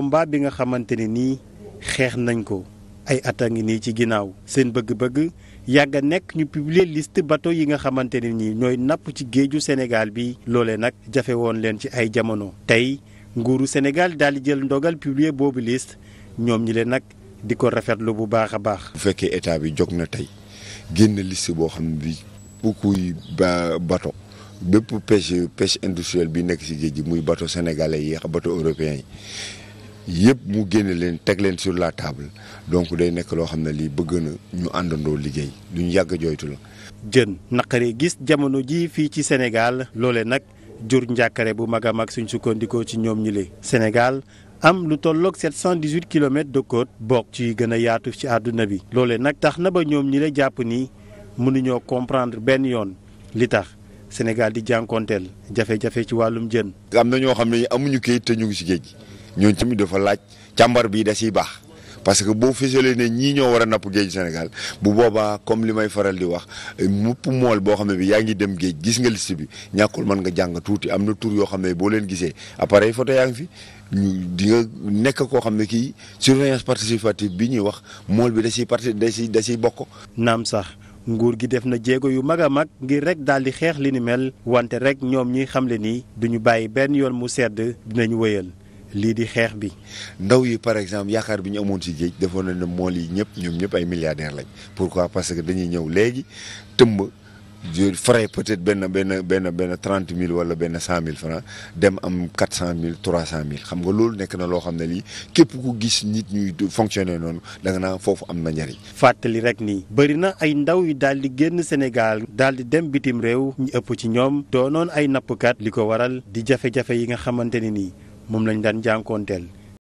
combat bi nga xamante ne nii xeex nañ ko ay at a ngi nii ci ginnaaw seen bëgg-bëgg yàgg nekk ñu publier liste bateau yi nga xamante ne nii ñooy napp ci géeju Sénégal bi loolee nag jafe woon leen ci ay jamono tey nguuru Sénégal daal di jël ndogal publier boobu liste ñoom ñi leen nag di ko rafetlu bu baax a baax. bu fekkee état bi jóg na tey génn list boo xam ne bii kuy ba bateau bépp pêche pêche bi nekk ci géej gi muy bateau sénégalais yi ak bateau européen yi. yëpp mu génne leen teg leen sur la table donc day nekk loo xam ne lii bëgg na ñu àndandoo liggéey lu ñu yàgg jooytu la. jën naqare gis jamono ji fii ci Sénégal loole nag jur njàkkare bu mag a mag suñ sukkandikoo ci ñoom ñi li Sénégal am lu tolloog 718 kilomètres de côte bokk ci gën a yaatu ci àdduna bi. loole nag tax na ba ñoom ñi la jàpp nii mënuñoo comprendre benn yoon li tax. Sénégal di jànkonteel jafe-jafe ci wàllum jën. am na ñoo xam ne amuñu kayit ñu ngi ci géej gi ñooñu tamit dafa laaj càmbar bi da siy baax parce que boo fësalee ne ñii ñoo war a napp géej Sénégal bu boobaa comme li may faral di wax mupp mool boo xam ne bi yaa ngi dem géej gis nga liste bi ñàkkul mën nga jàng tuuti am na tur yoo xam ne boo leen gisee appareil photo yaa ngi fi di nga nekk koo xam ne kii surveillance participative bi ñuy wax mool bi da siy parti da siy da siy bokk. naam sax. nguur gi def na jéego yu mag a mag ngir rek daal di xeex li ni mel wante rek ñoom ñuy xamle ni duñu bàyyi benn yoon mu sedd dinañu wéyal lii di xeex bi ndaw yi par exemple yaakaar bi ñu amoon si géej defoon na ne mool yi ñëpp ñoom ñëpp ay milliardaires lañ pourquoi parce que dañuy ñëw léegi tëmb frais peut-être benn benn benn benn trente mille wala benn cent mille francs dem am quatre cent mille trois cent mille xam nga loolu nekk na loo xam ne lii képp ku gis nit ñuy fonctionner noonu danga nga foofu am na njariñ fàttali rek nii bëri na ay ndaw yi daal di génn Sénégal daal di dem bitim réew ñu ëpp ci ñoom doonoon ay nappkat li ko waral di jafe yi nga xamante ne nii moom lañ daan jànkoonteel